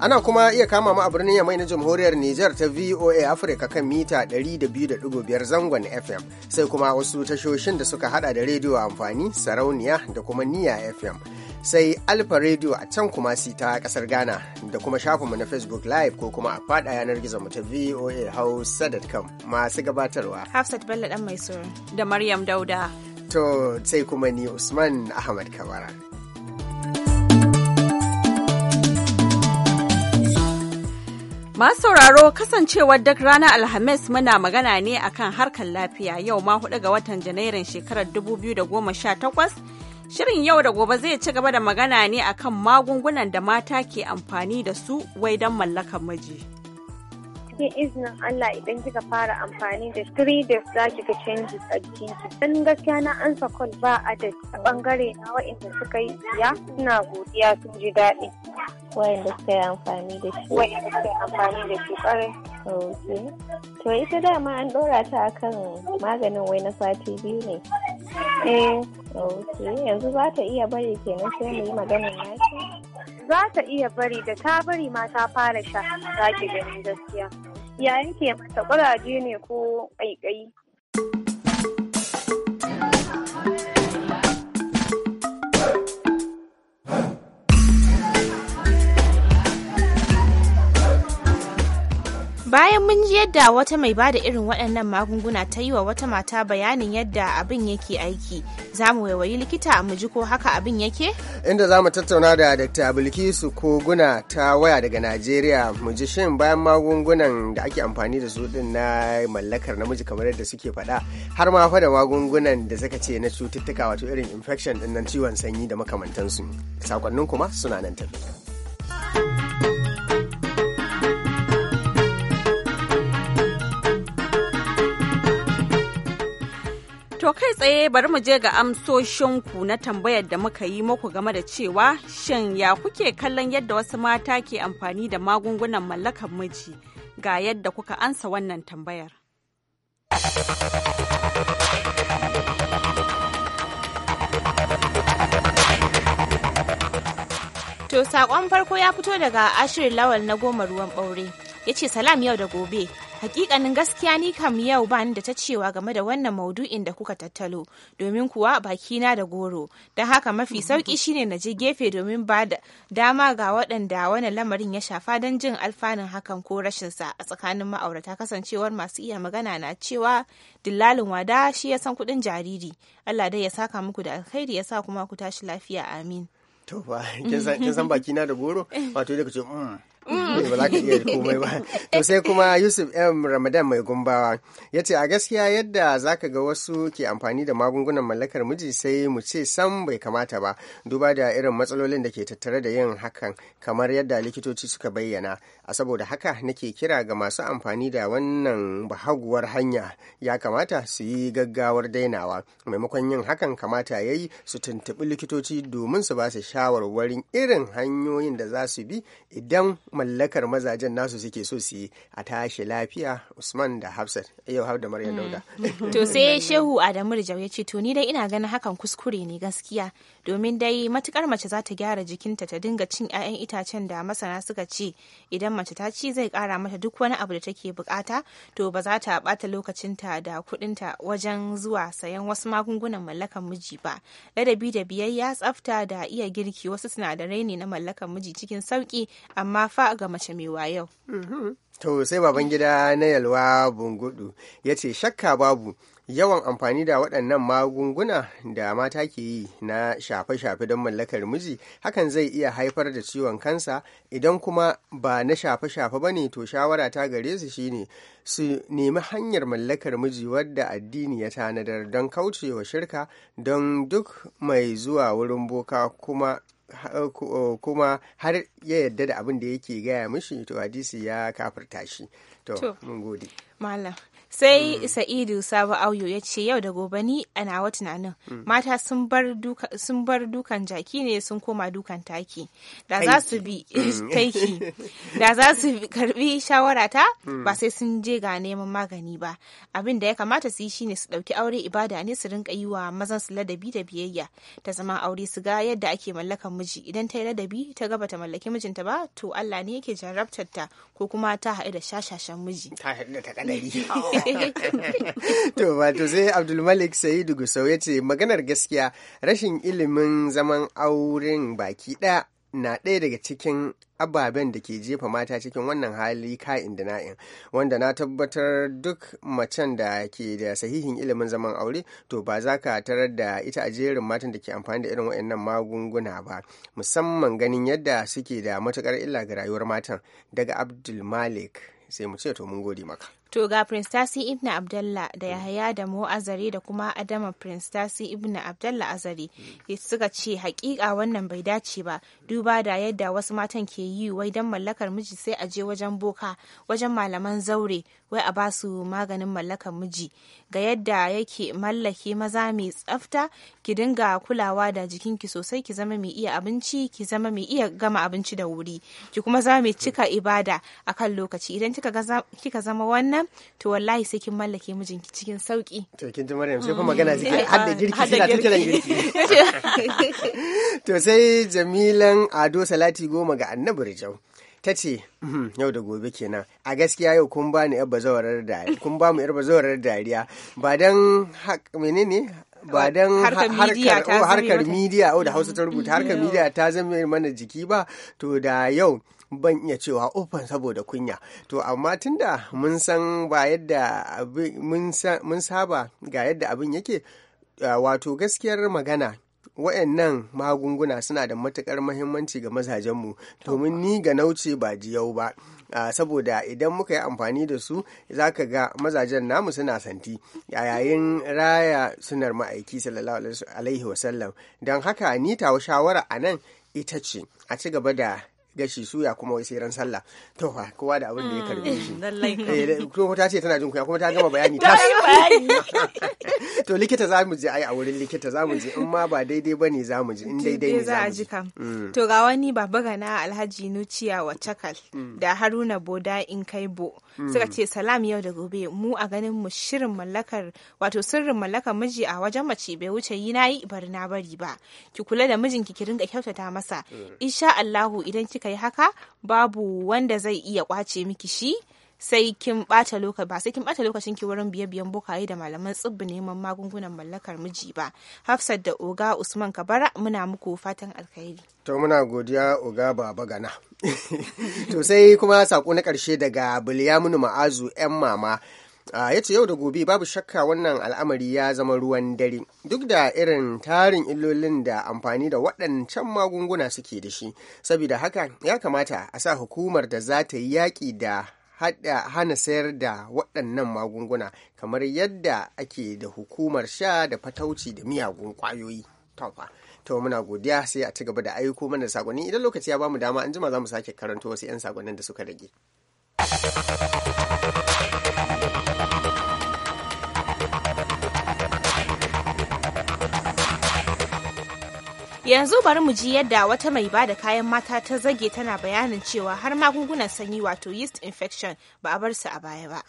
Ana kuma iya kama mu a birnin Yamai na Jamhuriyar Nijar ta VOA Africa kan mita 200.5 zangon FM sai kuma wasu tashoshin da suka hada da rediyo amfani sarauniya da kuma niya FM. Sai Alfa Radio a can kuma si ta kasar Ghana da kuma shafinmu na Facebook Live ko kuma a fada yanar gizo mu ta VOA Hausa.com masu gabatarwa. Hafsat Bello dan da Maryam Dauda. To sai kuma ni Usman Ahmad Kabara. Masu sauraro kasancewar duk ranar Alhamis muna magana ne akan harkar lafiya yau ma hudu ga watan Janairun shekarar 2018. Shirin yau da gobe zai ci gaba da magana ne akan magungunan da mata ke amfani da su wai don mallakar miji. take izinin Allah idan kika fara amfani da 3 days za ki ga canji a jikinki. Dan gaskiya na ansa call ba a a bangare na wa'inda suka yi ya suna godiya sun ji daɗi. Wa'inda suka yi amfani da shi. Wa'inda suka yi amfani da shi ƙwarai. To ita dama an ɗora ta akan maganin wai na sati biyu ne. Eh. yanzu za ta iya bari kenan sai mu yi maganin naki? Za ta iya bari da ta bari ma ta fara sha za ki ganin gaskiya. ya yanke mata ƙuraje ne ko ƙaiƙayi. bayan mun ji yadda wata mai bada irin waɗannan magunguna ta yi wa wata mata bayanin yadda abin yake aiki za mu waiwayi likita mu ji ko haka abin yake inda za mu tattauna da dr bilkisu koguna ta waya daga najeriya mu ji shin bayan magungunan da ake amfani da su din na mallakar namiji kamar yadda suke faɗa har ma fa da magungunan da suka ce na cututtuka wato irin infection ɗin nan ciwon sanyi da makamantansu sakonnin kuma suna nan tafi To kai tsaye bari mu je ga amsoshinku na tambayar da muka yi muku game da cewa shin ya kuke kallon yadda wasu mata ke amfani da magungunan mallakar miji ga yadda kuka ansa wannan tambayar. To saƙon farko ya fito daga ashirin lawal na goma ruwan ɓaure ya ce salam yau da gobe Hakikanin gaskiya ni kam yau ba ni da ta cewa game da wannan maudu'in da kuka tattalo, domin kuwa bakina da goro. Don haka mafi sauki shine na je gefe domin ba da dama ga waɗanda wani lamarin ya shafa don jin alfanun hakan ko rashinsa a tsakanin ma'aurata kasancewar masu iya magana na cewa dillalin wada shi ya san kuɗin jariri. Allah dai ya saka muku da alkhairi ya sa kuma ku tashi lafiya amin. To kin san baki da goro? Wato ka ce, mm. Mm. Eh, ba za ka iya komai ba to sai kuma yusuf m ramadan mai gumbawa ya ce a gaskiya yadda za ka ga wasu ke amfani da magungunan mallakar miji sai mu ce sam bai kamata ba duba da irin matsalolin da ke tattare da yin hakan kamar yadda likitoci suka bayyana a saboda haka nake kira ga masu amfani da wannan bahaguwar hanya ya kamata su yi gaggawar dainawa maimakon yin hakan kamata ya yi su tuntuɓi likitoci domin su ba su shawarwarin irin hanyoyin da za su bi idan mallakar mazajen nasu suke so su yi a tashi lafiya usman da hafsat yau har da maryam hmm. dauda to sai shehu adamu rijau ya ce to ni dai ina ganin hakan kuskure ne gaskiya domin dai matukar mace za ta gyara jikinta ta dinga cin 'ya'yan itacen da masana suka ce idan mace ta ci zai kara mata duk wani abu da take bukata to ba za ta bata lokacinta da kudinta wajen zuwa sayan wasu magungunan mallakan miji ba ladabi da biyayya tsafta da iya girki wasu sinadarai ne na mallakan miji cikin sauki amma fa ga mace mai wayo mm-hmm. To sai baban gida na yalwa bungudu ya ce shakka babu yawan amfani da waɗannan magunguna da mata ke yi na shafe-shafe don mallakar miji hakan zai iya haifar da ciwon kansa idan kuma ba na shafe-shafe ba ne to shawara ta gare su shine su nemi hanyar mallakar miji wadda addini ya tanadar don kaucewa shirka don duk mai zuwa wurin boka kuma Eh, eh, kuma har ya yarda da abin da yake gaya mishi to hadisi ya kafirta shi to mun gode malam sai mm. sa'idu sabo auyo ya ce yau da gobe ni a nawa tunanin mm. mata sun bar dukan jaki ne sun koma dukan taki da za su bi taiki da za su karbi shawarata ta mm. ba sai sun je ga neman magani ba abin da ya kamata su yi shine su dauki aure ibada ne su rinka yi wa mazan su ladabi da biyayya ta zama aure su ga yadda ake mallakan miji idan ta yi ladabi ta gaba ta mallaki mijinta ba to Allah ne yake jarrabtar ta ko kuma ta haɗu da shashashan miji ta haɗu da ta kadari to wato sai Abdulmalik Sa'idu Gusau ya ce maganar gaskiya rashin ilimin zaman auren baki ɗaya na ɗaya daga cikin ababen da ke jefa mata cikin wannan hali ka'in da na'in wanda na tabbatar duk macen da ke da sahihin ilimin zaman aure to ba za ka tarar da ita a jerin matan da ke amfani da irin waɗannan magunguna ba musamman ganin yadda suke da matukar illa ga rayuwar matan daga abdul sai mu ce to mun gode maka To ga Prince Tasi Ibn Abdullah da mm. Yahaya da Mo Azari da kuma Adama Prince Tasi Ibn Abdullah Azari mm. suka ce hakika wannan bai dace ba duba da yadda wasu matan ke yi wai dan mallakar miji sai a je wajen boka wajen malaman zaure wai a basu maganin mallakar miji ga yadda yake mallake maza mai tsafta ki dinga kulawa da jikinki sosai ki zama mai iya abinci ki zama mai iya gama abinci da wuri ki kuma zama mai cika ibada akan lokaci idan kika zama wannan to wallahi sai kin mallake mijinki cikin sauki to kin ji Maryam sai kuma mm. magana zai har da girki sai ta kiran girki to sai Jamilan Ado Salati goma ga Annabi Rijau ta ce uhm, yau da gobe kenan a gaskiya yau kun ba ni yar bazawarar dariya kun ba mu yar bazawarar dariya ba dan menene ba don harkar midiya o oh, oh, da hausa ta rubuta harkar midiya ta zama mana jiki ba to da yau ban iya cewa ofan saboda kunya to amma tunda mun san ba yadda mun saba ga yadda abin yake wato gaskiyar magana wa'annan magunguna suna da matukar mahimmanci ga mazajenmu domin ni ga nauce ba jiyau ba saboda idan muka yi amfani da su za ka ga mazajen namu suna santi a yayin raya sunar ma'aiki sallallahu alaihi wasallam don haka ni tawa shawara a nan ita ce a ci gaba da gashi suya kuma wai sai ran sallah to fa kowa da abin da ya karbe shi to mm, eh, kuma ta ce tana jin kuya kuma ta gama bayani ta bayani to likita za mu je ai a wurin likita za mu je in ma ba daidai bane za mu je in daidai ne za a ji kam mm. to ga wani baba gana Alhaji Nuciya wa Chakal mm. da Haruna Boda in kai bo suka ce salam yau da gobe mu a ganin mu shirin mallakar wato sirrin mallakar miji a wajen mace bai wuce yi nayi bar na bari ba ki kula da mijinki ki ringa kyautata masa insha Allahu idan ki kika yi haka babu wanda zai iya kwace miki shi sai kin bata lokaci ba sai kin bata lokacin ki wurin biye biyan bokaye da malaman tsibbi neman magungunan mallakar miji ba Hafsat da Oga Usman Kabara muna muku fatan alkhairi to muna godiya Oga Baba Gana to sai kuma sako na karshe daga Bilyaminu Ma'azu yan mama a ya yau da gobe babu shakka wannan al'amari ya zama ruwan dare duk da irin tarin illolin da amfani da waɗancan magunguna suke da shi saboda haka ya kamata a sa hukumar da za ta yi yaƙi da hana sayar da waɗannan magunguna kamar yadda ake da hukumar sha da fatauci da miyagun ƙwayoyi. to muna godiya sai a ci gaba da aiko mana sakonni idan lokaci ya bamu dama an jima za mu sake karanto wasu 'yan sakonnin da suka rage. yanzu bari mu ji yadda wata mai ba da kayan mata ta zage tana bayanin cewa har magungunan sanyi wato yeast infection ba a bar su a baya ba.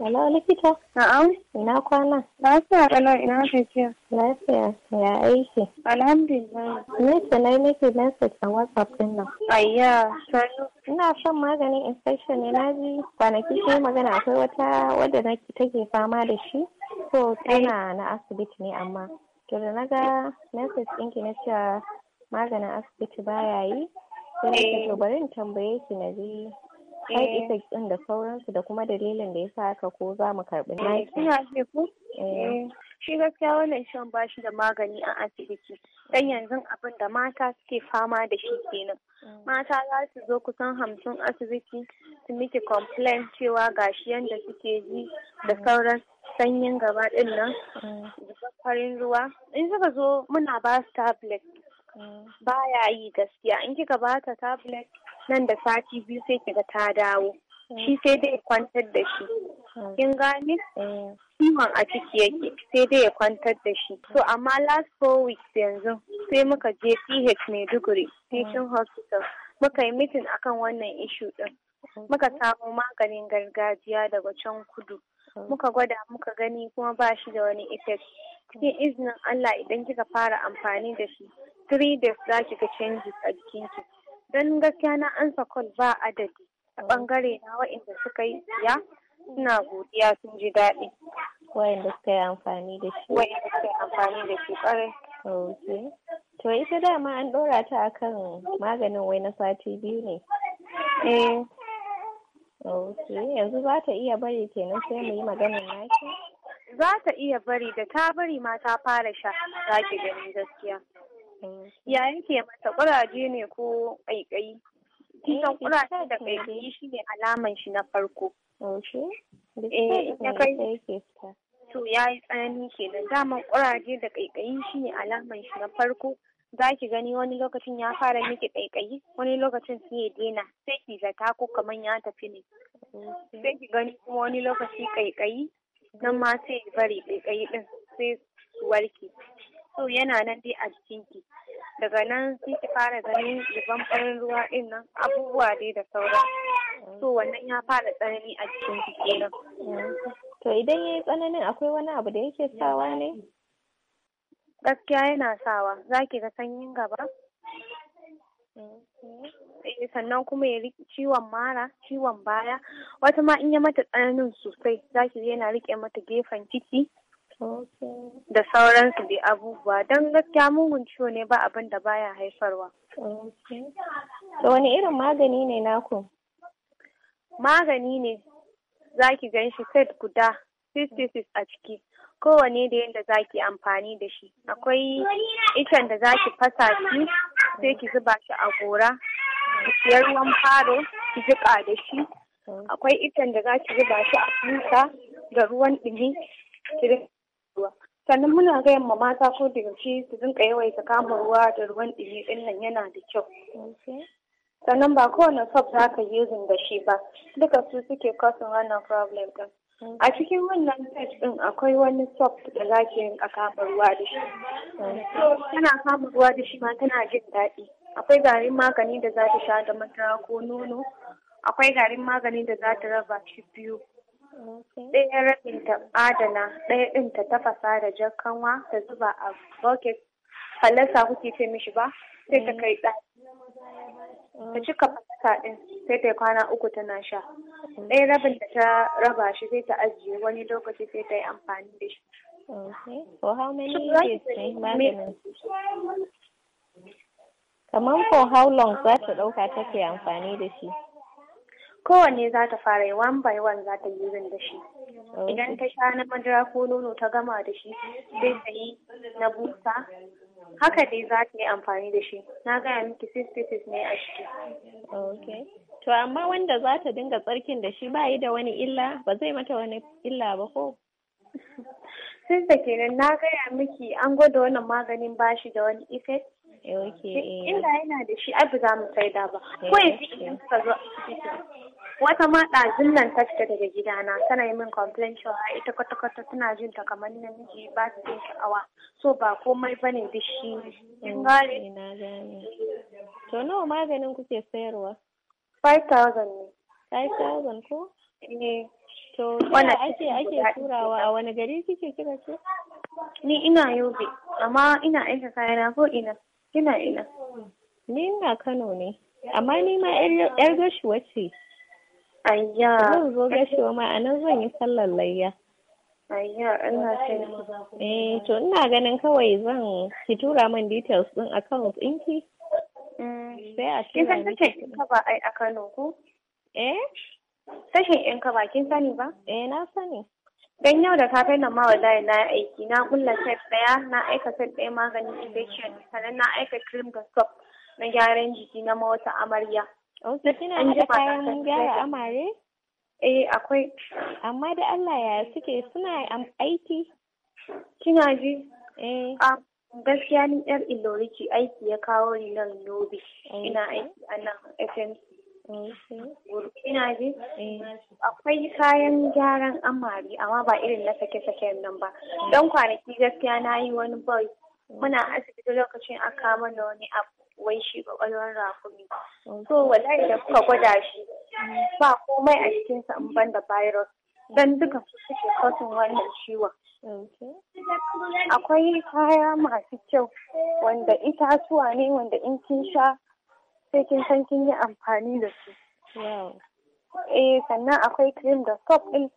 Hello, likita. Na'am. Ina kwana? Lafiya kalau ina tafiya. Lafiya, ya aiki. Alhamdulillah. Me ce na yi message a WhatsApp din nan? Ayya, sanu. Ina shan maganin infection ne na ji kwanaki sai magana akwai wata wadda nake take fama da shi. ko tana na asibiti ne amma. To da na ga message ɗinki na cewa maganin asibiti baya yi. Sai na ce to bari in tambaye ki na ji side eh. effects din da sauransu da kuma dalilin da ya sa haka ko za mu karɓi eh, naki. Ina ce eh. Shi gaskiya wannan shan bashi da magani a asibiti. Dan yanzu abin da mata suke fama da shi kenan. Mm. Mata za su zo kusan hamsin asibiti su miki complain cewa gashi yanda suke ji da mm. sauran sanyin gaba ɗin nan. Mm. farin ruwa. In suka zo muna ba su tablet. Baya yi gaskiya in kika ba ta tablet nan da sati biyu sai ki kiga ta dawo shi sai dai kwantar da shi kin gane ciwon a ciki yake sai dai ya kwantar da shi so amma last four weeks yanzu sai muka je ph maiduguri teaching hospital muka yi mitin akan wannan ishu din muka samo maganin gargajiya daga can kudu muka gwada muka gani kuma ba shi da wani effect cikin izinin allah idan kika fara amfani da shi three days za ki ga changes a jikinki don gaskiya na ansa call ba adadi a bangare na wa'inda suka yi siya suna godiya sun ji daɗi wa'inda suka yi amfani da shi wa'inda suka yi amfani da shi ƙwarai ok to ita dama an ɗora ta akan maganin wai na sati biyu ne eh ok yanzu za ta iya bari kenan sai mu yi maganin naki za ta iya bari da ta bari ma ta fara sha za ki gani gaskiya Ya eh. yanke mata kuraje ne ko ƙaiƙayi. Kisan eh, kuraje da ƙaiƙayi shi ne alaman shi na farko. Eh, to ya yi tsanani da daman kuraje da ƙaiƙayi shi ne alaman shi na farko. za ki gani wani lokacin ya fara miki ƙaiƙayi wani lokacin sai ya dena, sai ki zata ko kamar ya tafi ne sai ki gani kuma wani lokaci ƙaiƙayi nan ma sai ya bari ƙaiƙayi din sai su warke so yana nan dai a jikinki daga nan sai ki fara ganin zuban farin ruwa din nan abubuwa dai da sauran so wannan ya fara tsanani a ki kenan to idan yayi tsananin akwai wani abu da yake sawa ne gaskiya yana sawa zaki ga sanyin gaba eh, sannan kuma ya riƙe ciwon mara ciwon baya wata ma in ya mata tsananin sosai zaki yana riƙe mata gefen ciki da sauransu da abubuwa don gaskiya mugun ciwo ne ba abin da baya haifarwa. Da wani irin magani ne naku? Magani ne za ki gan shi set guda 66 a ciki kowane da yadda za ki amfani da shi akwai icen da za ki fasa shi sai ki zuba shi a gora ki ruwan faro ki jiƙa da shi akwai icen da za ki zuba shi a kusa da ruwan ɗini, ki ruwa sannan muna gayan ma mata ko da yaushe su dinka yawaita kama ruwa da ruwan ɗumi ɗin nan yana da kyau sannan ba kowane soap za ka using da shi ba duka su suke kasan wannan problem ɗin a cikin wannan set ɗin akwai wani soap da za ki yin kama ruwa da shi tana kama ruwa da shi ma tana jin daɗi akwai garin magani da za ta sha da madara ko nono akwai garin magani da za ta raba shi biyu ɗaya rabin ta adana ɗaya ɗin ta tafasa da jakanwa ta zuba a bucket falasa kuke ce mishi ba sai ta kai ɗa ta mm. cika falasa ɗin sai ta kwana uku tana sha mm. ɗaya rabin da ta raba shi sai ta ajiye wani lokaci sai ta yi amfani da shi Okay. For how many years Kamar for how long za ta ɗauka take amfani da shi? kowanne za ta fara yi one by one za ta yi zan da shi idan ta sha na madara ko nono ta gama da shi zai ta yi na busa haka dai za ta yi amfani da shi na gaya miki six pieces ne a shi. to amma wanda za ta dinga tsarkin da shi ba yi da wani illa ba zai mata wani illa ba ko da kenan na gaya miki an gwada wannan maganin bashi da wani effect Eh. Inda yana da shi ai ba za mu saida ba. Eh, ko fi idan kuka zo wata ma ɗazin nan ta fita daga gidana tana yi min complain cewa ita kwata-kwata tana jin ta kamar namiji ba su jin sha'awa so ba komai ba ne da shi. To nawa maganin kuke sayarwa? 5,000 ne. 5,000 ko? ne? Eh. To wanda ake ake turawa a wani gari kike kira ce? Ni ina yobe amma ina aika kayana ko ina. Kina ina? Ni ina Kano ne. Amma ni ma 'yar gashuwa ce. Ayya. Zan zo gashuwa ma anan zan yi sallar layya. Ayya, ina Eh, to ina ganin kawai zan ki tura min details din account ɗinki. Mm. Sai a Kin san tashin ka ba ai a Kano ko? Eh? Tashin ɗin ka ba kin sani ba? Eh, na sani. Dan yau da kafin nan ma wallahi na aiki na kulla set daya na aika set daya maganin injection sannan na aika cream da soap na gyaran jiki na mota amarya. Oh, kina da kayan gyara amare? Eh, akwai. Amma da Allah ya suke suna aiki? Kina ji? Eh. Ah, gaskiya ni yar ilori ki aiki ya kawo ni nan Yobe. Eh. Ina aiki a nan FMC. Ina ji? Eh, akwai kayan gyaran amari amma ba irin na sake-saken nan ba. Don kwanaki gaskiya na yi wani boy. Muna asibiti lokacin aka mana wani abu wai shi kwakwalwar rakumi. So wallahi da kuka gwada shi ba komai a cikinsa in ban da virus. Don duka su suke wannan ciwon. Akwai kaya masu kyau wanda itatuwa ne wanda in kin sha sai kin san kin yi amfani da su. Eh sannan akwai cream da soap ɗin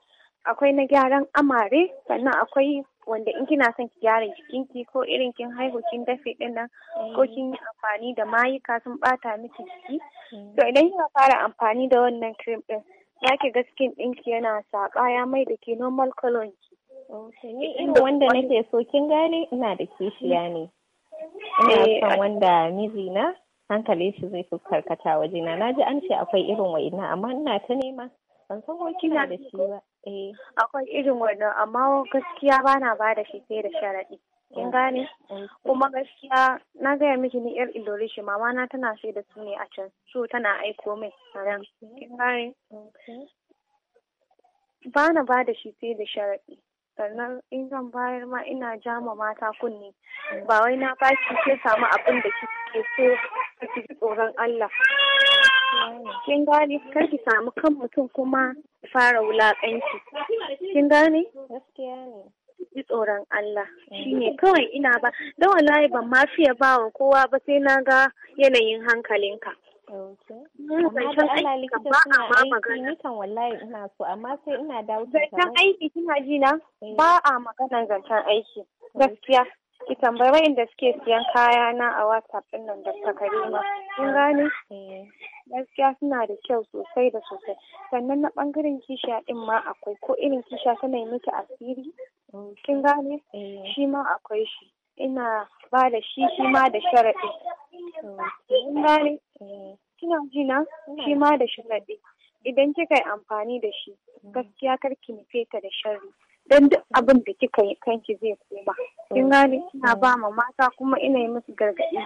akwai na gyaran amare sannan akwai wanda in kina son ki gyara jikinki ko irin kin haihu kin dafe ɗin nan ko mm. kin yi amfani da mayuka sun bata miki jiki mm. to idan kika fara amfani da wannan cream din zaki ga skin ɗinki yana saba ya mai da ke normal color ki inda wanda nake so kin gane ina da kishiya ne ina eh, son wanda mijina Hankali shi zai fi karkata wajena na ji an ce akwai irin wa'ina amma ina ta nema ban san ko kina da shi ba Eh akwai irin wannan amma gaskiya bana ba da shi sai da sharaɗi kin gane kuma gaskiya na gaya miki ni yar shi mama na tana sai da su ne a can so tana aiko mai. nan kin gane bana ba da shi sai da sharaɗi sannan in zan bayar ma ina jama mata kunne ba wai na ba ki ke samu abin da ke so ki ji tsoron Allah kin gane kar ki samu kan mutum kuma fara wulakanci kin gane gaskiya ne ji tsoron Allah shine kawai ina ba da wallahi ban ma fiye ba kowa ba sai na ga yanayin hankalinka Amma likita aiki ni kan wallahi Zancen aiki kina ji na eh. ba a maganan zancen aiki gaskiya ki tambayi wa'inda suke siyan kaya na a WhatsApp din nan da ta Karima kin gane eh. gaskiya suna da kyau sosai da sosai sannan na bangaren kisha din ma akwai ko irin kisha ta nemi miki asiri kin gane eh. shi ma akwai shi ina ba da shi shi ma da sharaɗi kin gane Eh, kina jina shi ma da shi sharaɗi idan kika yi amfani da shi mm. gaskiya kar ki nufe ta da sharri don duk abin da kika yi kanki zai koma kin gane kina mm. ba ma mata kuma ina yi musu gargaɗi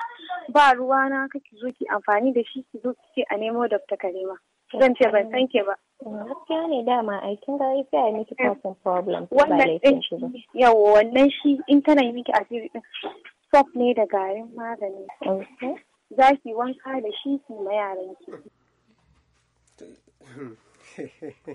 ba ruwa na kake zo ki amfani da shi ki zo ki ce a nemo Dr. Karima zan ce ban san ke ba mm, gaskiya ne dama ai kin ga yi fiye miki person problem wannan Yawo, wannan shi in tana yi miki asiri ɗin Sof ne da garin magani za ki wanka da shi ki ma yaran ki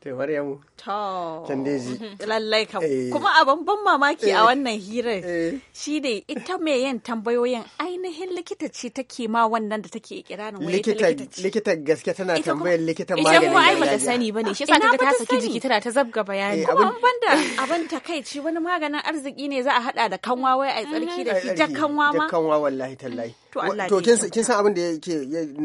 to Maryam to lallai kam eh. kuma abin ban mamaki a eh. wannan hirar eh. shi ne ita mai yin tambayoyin ainihin likita ce take ma wannan da take kiranin wai likita likita gaske tana tambayar likitan magani ita kuma ai bata sani bane shi yasa kaga ta saki jiki tana ta zabga bayani kuma banda abin ci wani maganin arziki ne za a hada da kanwa wai a tsarki da shi jakkanwa ma jakkanwa wallahi tallahi to Allah to kin san abin da yake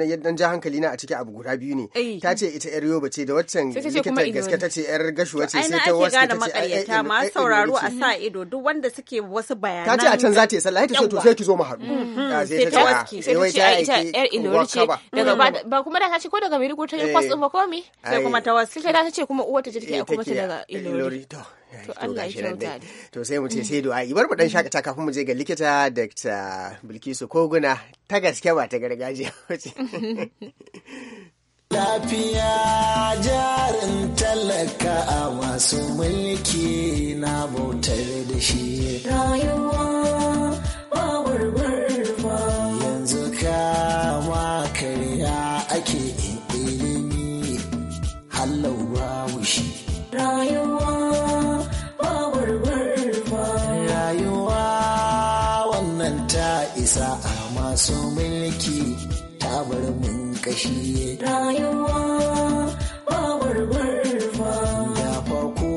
ya dan ja hankali na a ciki abu guda biyu ne eh. ta ce ita yar yoba ce da waccan likitan gaske ta ce yar gashuwa ce sai ta wasu ta ce ai ma sauraro a sa ido duk wanda suke wasu bayanan ta ce a can za ta yi sallah ta ce to sai ki zo mu haɗu mm-hmm. sai ta ah, waske sai ta ce ah, ai ita yar ilori daga mm. ba kuma da ta ce ko daga Maiduguri ta yi kwas din eh. ba ko me sai kuma ta waske sai ta ce kuma uwar ta ce take eh, a kuma ta daga ilori to Allah ya kyauta to sai mu ce mm. sai du'a bari mu dan mm. shakata kafin mu je ga likita Dr. Bilkisu Koguna ta gaske ba ta gargajiya wace lafiya jarin talaka a masu mulki na bautar da shi rayuwa ba ba yanzu kama karya ake ilimi hallau babu shi rayuwa ciki ta bar mun kashi rayuwa ba fa da farko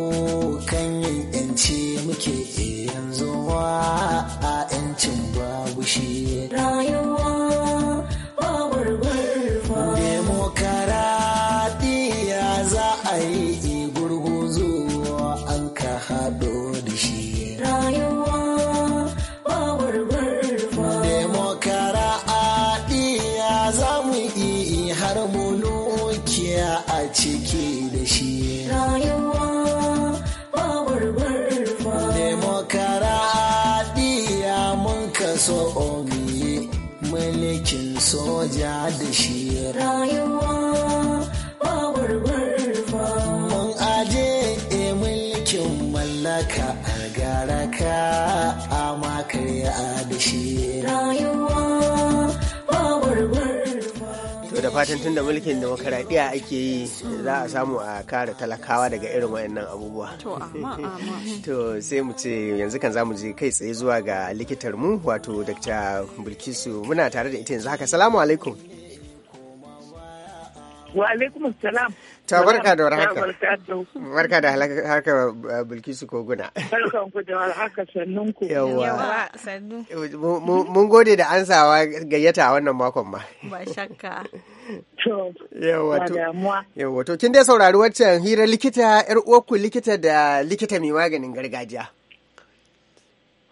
kan yin yanci muke e yanzu wa a yancin babu shi rayuwa ba fa demokaradiya za a yi e gurguzu an ka haɗu da shi rayuwa ba mun aje e mulkin mallaka a da shi rayuwa ba da fatan tun da mulkin demokaradiyya ake yi za a samu a kare talakawa daga irin wayannan abubuwa to sai mu ce yanzu kan zamu je kai tsaye zuwa ga likitar mu wato dr bilkisu muna tare da ita yanzu haka salamu alaikum Wa alaikum salam. Ta barka da warhaka. Barka da haka eh, Bilkisu Koguna. Barkan da warhaka sannun ku. Yawwa. Sannu. Mun gode da ansawa gayyata a wannan makon ma. Ba shakka. Yawwa to kin dai saurari waccan hirar likita yar uwarku likita da likita mai maganin gargajiya.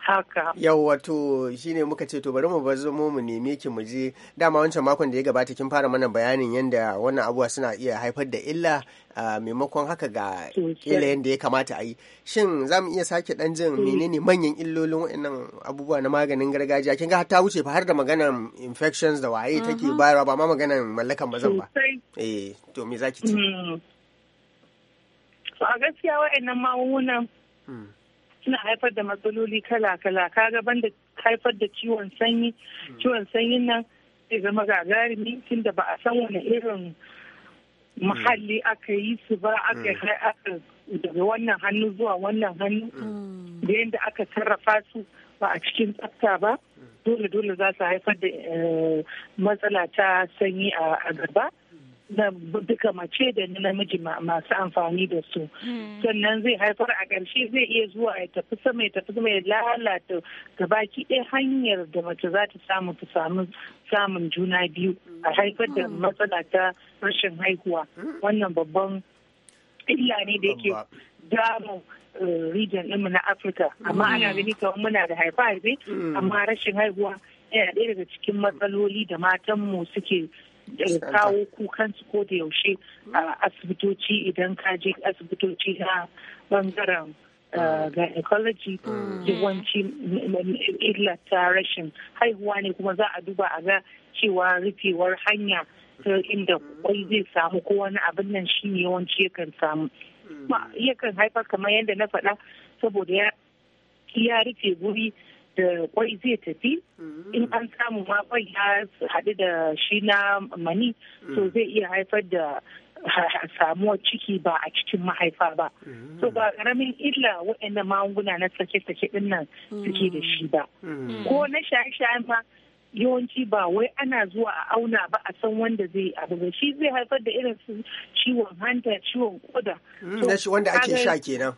haka yau wato ne muka ce to bari mu bazo mu mu neme ki mu je dama wancan makon da ya gabata kin fara mana bayanin yanda wannan abuwa suna iya haifar da illa maimakon haka ga kila yanda ya kamata a yi shin za mu iya sake dan jin mm. menene manyan illolin waɗannan abubuwa na maganin gargajiya kin ga ta wuce fa har da maganan infections da waye take mm-hmm. bayarwa ba ma maganan mallakan mazan ba eh to me zaki ce mm. a gaskiya waɗannan magungunan mm. suna haifar da matsaloli kala-kala kaga banda haifar da ciwon sanyi ciwon sanyin nan zai zama gagarumi tun da ba a san wani irin muhalli aka yi su ba aka mm. aka daga wannan hannu zuwa wannan hannu mm. da yadda aka sarrafa su ba a cikin tsafta ba mm. dole dole za su haifar da eh, matsala ta sanyi a gaba na duka mace da namiji masu amfani da su hmm. sannan zai haifar a ƙarshe zai iya zuwa ya tafi sama ya tafi sama ya lalata gabaki ɗaya hanyar da mace za ta samu ta samu samun juna biyu a haifar da hmm. matsala ta rashin haihuwa wannan babban illa ne da yake damu eh, region ɗinmu na afirka amma hmm. ana gani kamar muna da haifa amma rashin haihuwa yana ɗaya daga cikin matsaloli da matanmu suke kawo kukan su ko da yaushe a asibitoci idan ka je asibitoci na bangaren eh, gynecology mm. yawanci illa ta rashin haihuwa ne kuma za a duba a ga cewa rufewar hanya ta inda kwai zai samu ko wani abin nan shi ne yawanci yakan samu mm. yakan haifar kamar yadda na faɗa saboda ya rufe guri da kwai zai tafi in an samu ma kwai ya haɗu da shi na mani to zai iya haifar da samuwar ciki ba a cikin mahaifa ba so ba karamin illa waɗannan magunguna na sake-sake ɗin nan suke da shi ba ko na shaye-shaye ma yawanci ba wai ana zuwa a auna ba a san wanda zai abu ba shi zai haifar da irin su ciwon hanta ciwon koda. na wanda ake sha kenan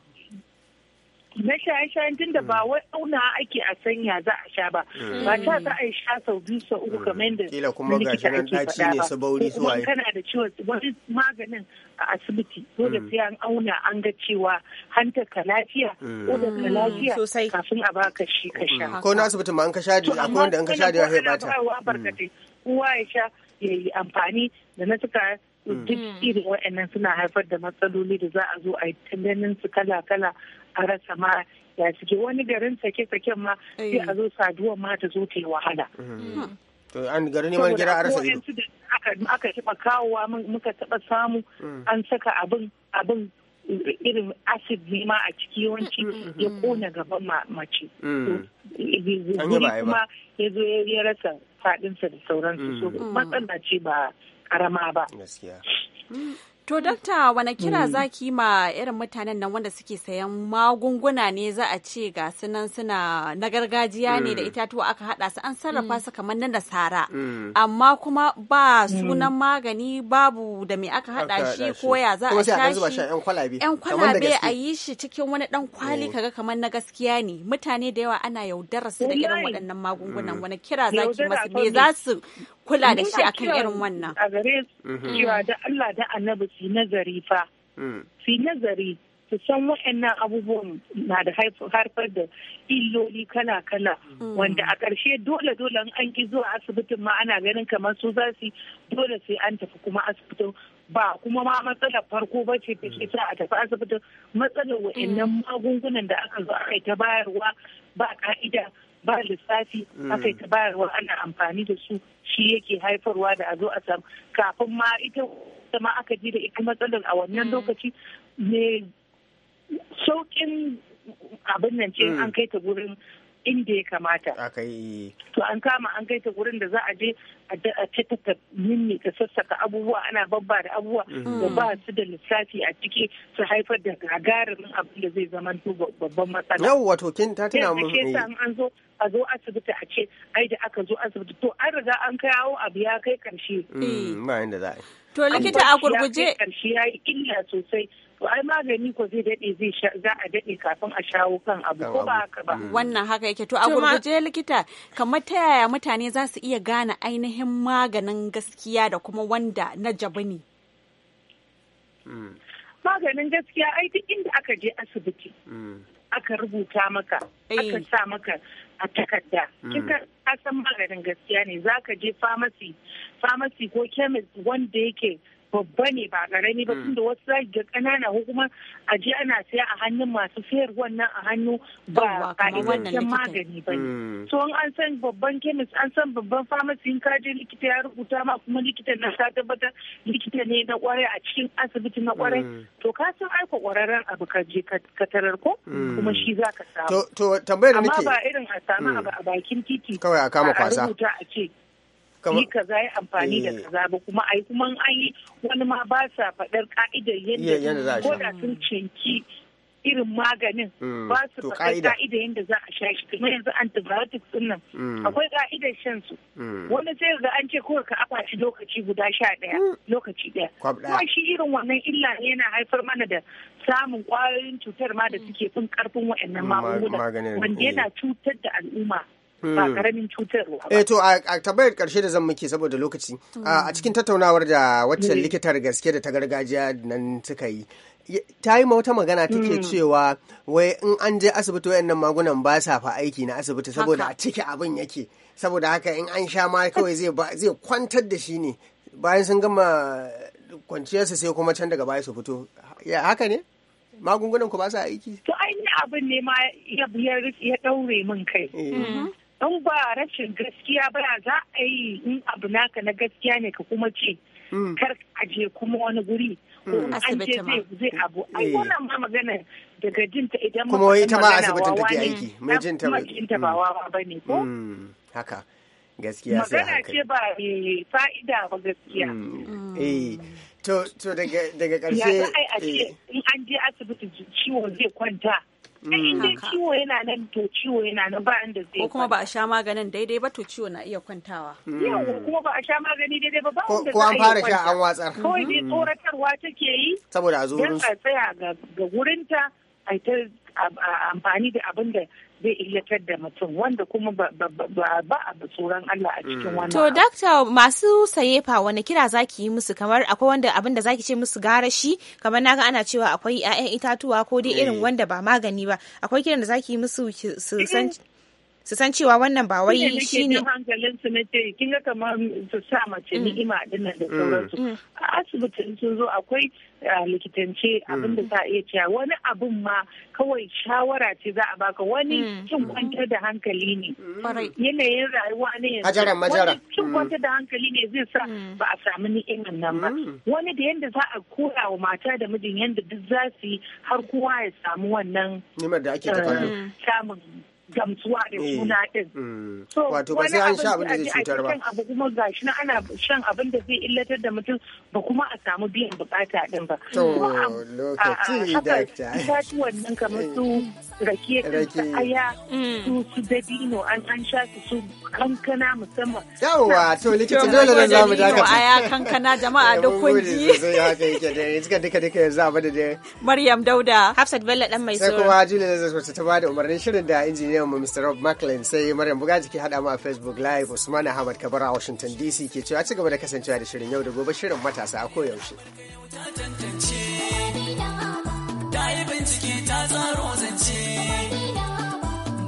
na shaye-shayen tun da ba mm. wai auna ake a sanya za a sha ba mm. ba ta za a yi sha sau biyu sau uku mm. kamar yadda kila kuma ga shi nan daci ne su bauri su waye kana da ciwon wani maganin a asibiti ko da sai an auna an ga cewa hanta ka lafiya ko da ka lafiya kafin a baka shi ka sha ko na asibiti ma an ka sha da akwai wanda an ka sha da ya bata uwa ya sha ya yi amfani da na suka duk mm. irin waɗannan suna haifar da matsaloli da za a zo a yi tunanin su kala-kala a rasa ma ya suke wani garin sake-saken ma sai a zo saduwa ma ta zo ta yi wahala. Mm. Hmm. To an gari neman gida a rasa ido. Aka taɓa kawowa muka taɓa samu hmm. an saka abin abin irin acid ne ma a ciki yawanci hmm. ya kona gaban mace. Eh, Guri kuma ya ya rasa faɗinsa da sauransu. So matsala ce ba karama ba To dakta wani kira hmm. za ki ma irin mutanen nan wanda suke sayan magunguna ne za a ce ga su suna na gargajiya ne da hmm. itatuwa aka hada su an sarrafa hmm. su kamar nan da sara. Amma kuma ba sunan magani babu da me aka hada shi ko ya za a sha shi. Yan kwalabe a yi shi cikin wani dan kwali kaga kamar na gaskiya ne. Mutane da yawa ana yaudarar su da irin waɗannan magungunan wani kira za ki masu me za su kula da shi akan irin wannan a gare mhm. cewa da Allah da annabi su nazari fa mm. su nazari su san waɗannan abubuwan na da haifar da illoli kala-kala mm. wanda a ƙarshe dole-dole an ki zuwa asibitin ma ana ganin kamar su za su dole sai an tafi kuma asibitin ba kuma ma matsalar farko ba ce take sa a tafi asibitin matsalar waɗannan mm. magungunan da aka zo aka ta bayarwa ba ka'ida ba lissafi mm. aka ta bayarwa ana amfani da su shi yake haifarwa da a zo a samu kafin ma ita ma aka ji da ita matsalar a wannan mm. lokaci mai saukin abin nan ce an mm. kai ta gurin inda ya kamata. To an kama an kai ta wurin da za a je a ce ta minni ta sassaka abubuwa ana babba da abubuwa mhm. da ba su da lissafi a ciki su haifar da gagarumin abin da zai zama babban matsala. Yau wato kin ta tana mun. Sai an zo a zo asibiti a ce ai da aka zo asibiti to an riga an kawo abu ya kai karshe. Mm, ba yanda za a yi. To likita a gurguje. karshe ya yi illa sosai. ai magani ko zai daɗe zai za a daɗe kafin a shawo kan abu ko ba haka ba. Wannan haka yake to a gurguje likita kamar ta yaya mutane za su iya gane ainihin maganin gaskiya da kuma wanda na jabi ne. Hmm. Maganin gaskiya ai duk inda aka je asibiti. Hmm. Aka rubuta maka, eh. aka sa maka a takarda. Hmm. Kika san maganin gaskiya ne za ka je famasi, famasi ko kemis wanda yake babba ne ba karami ba hmm. tunda wasu za ƙanana kanana ko kuma a ji ana saya a hannun masu sayar wannan a hannu ba ka'idancen magani ba ne. Hmm. So an san babban kemis an san babban famasi in ka je likita ya rubuta ma kuma likitan na ta tabbatar likita ne na ƙwarai a cikin asibiti na kwarai hmm. to ka san aiko kwararren abu ka je ka tarar ko kuma shi za ka samu. Amma ba irin a samu a bakin titi. Kawai a kama kwasa. a ce yi kaza yi amfani da eh. kaza ba kuma ai kuma an yi wani ma ba sa faɗar ka'idar yadda ko da sun cinki irin maganin hmm. ba su faɗar ka'ida yadda za a sha shi kuma yanzu antibiotics din nan hmm. akwai ka'idar shan su hmm. wani sai ga an ce kawai ka afa shi lokaci guda sha ɗaya lokaci ɗaya kuma shi irin wannan illa ne yana haifar mana da samun kwayoyin cutar ma da suke fin ƙarfin waɗannan magunguna wanda yana eh. cutar da al'umma ba karamin hmm. cutarwa ba. Eh, to a tabbayar karshe da zan muke saboda lokaci a cikin tattaunawar da wacce hmm. likitar gaske da ta gargajiya nan suka yi ta yi wata magana take hmm. cewa wai in an je asibiti wayannan magunan ba sa fa aiki na asibiti saboda a ciki abin yake saboda haka in an sha ma kawai zai kwantar da shi ne bayan sun gama kwanciyarsa sai kuma can daga baya su fito haka ne magungunan ku ba sa aiki to ainihin abin ne ma ya daure min kai eh. mm-hmm. in ba rashin gaskiya ba za a yi in abu naka na gaskiya ne ka kuma ce mm. kar a je kuma wani guri ko mm. an je zai abu ai eh. wannan ma magana daga jinta idan kuma ta ma asibitin take aiki mai jinta ba jinta ba mm. wawa bane ko haka gaskiya sai magana ce ba fa'ida ba gaskiya eh to to daga daga karshe eh. in an je asibiti ciwon zai kwanta in dai ciwo yana nan to ciwo yana nan ba inda zai ko kuma ba a sha maganin daidai ba to ciwo na iya kwantawa yawa hmm. kuma ba a sha magani daidai ba ba inda ko an fara sha an watsar kawai dai hmm. tsoratarwa take yi saboda a zo wurin tsaya ga wurinta a ta amfani da abin da zai tar da mutum wanda kuma ba a tsoron Allah a cikin mm. wannan. To dakta masu saye fa wani kira zaki yi musu kamar akwai wanda abin da zaki ce musu gara shi kamar naga ana cewa akwai 'ya'yan itatuwa ko dai irin eh. wanda ba magani ba akwai kiran da zaki yi musu su san su san cewa wannan ba wai shi ne hankalin su na ce kin ga kamar su sa mace mm. ni'ima dinnan da mm. sauransu mm. a asibitin sun zo akwai likitance abin da za a iya cewa wani abin ma kawai shawara ce za a baka wani cin kwantar da hankali ne yanayin rayuwa ne wani cin kwantar da hankali ne zai sa ba a samu ni'iman nan ba wani da yanda za a kora wa mata da mijin yanda duk za su yi har kowa ya samu wannan eh, samun gamsuwa da suna eh. din. Mm. Wato ba sai an sha abin da zai cutar ba. abu kuma ga shi na ana shan abin da zai illatar da mutum ba kuma a samu biyan bukata din ba. To lokaci da ta. ci nan kamar su eh. rake su aya mm. su su dabino an an sha su su kankana musamman. Yawwa to likita dole nan zamu dakata. Aya kankana jama'a da kunji. Maryam Dauda. Hafsat Bello dan mai Sai kuma Julia Lazarus ta bada umarnin shirin da injiniya injiniyan mu Mr. Rob Macklin sai Maryam Bugaji ke hada mu a Facebook Live Usman Ahmad Kabara a Washington DC ke cewa ci gaba da kasancewa da shirin yau da gobe shirin matasa a koyaushe. Ta yi bincike ta tsaro zance,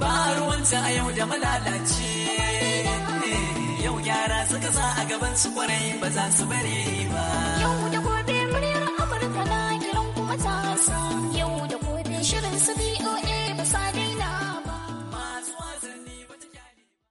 ba ruwanta a yau da malalace. gyara suka sa a gaban su kwarai ba za su bare ba. Yau da gobe muryar Amurka na kiran kuma ta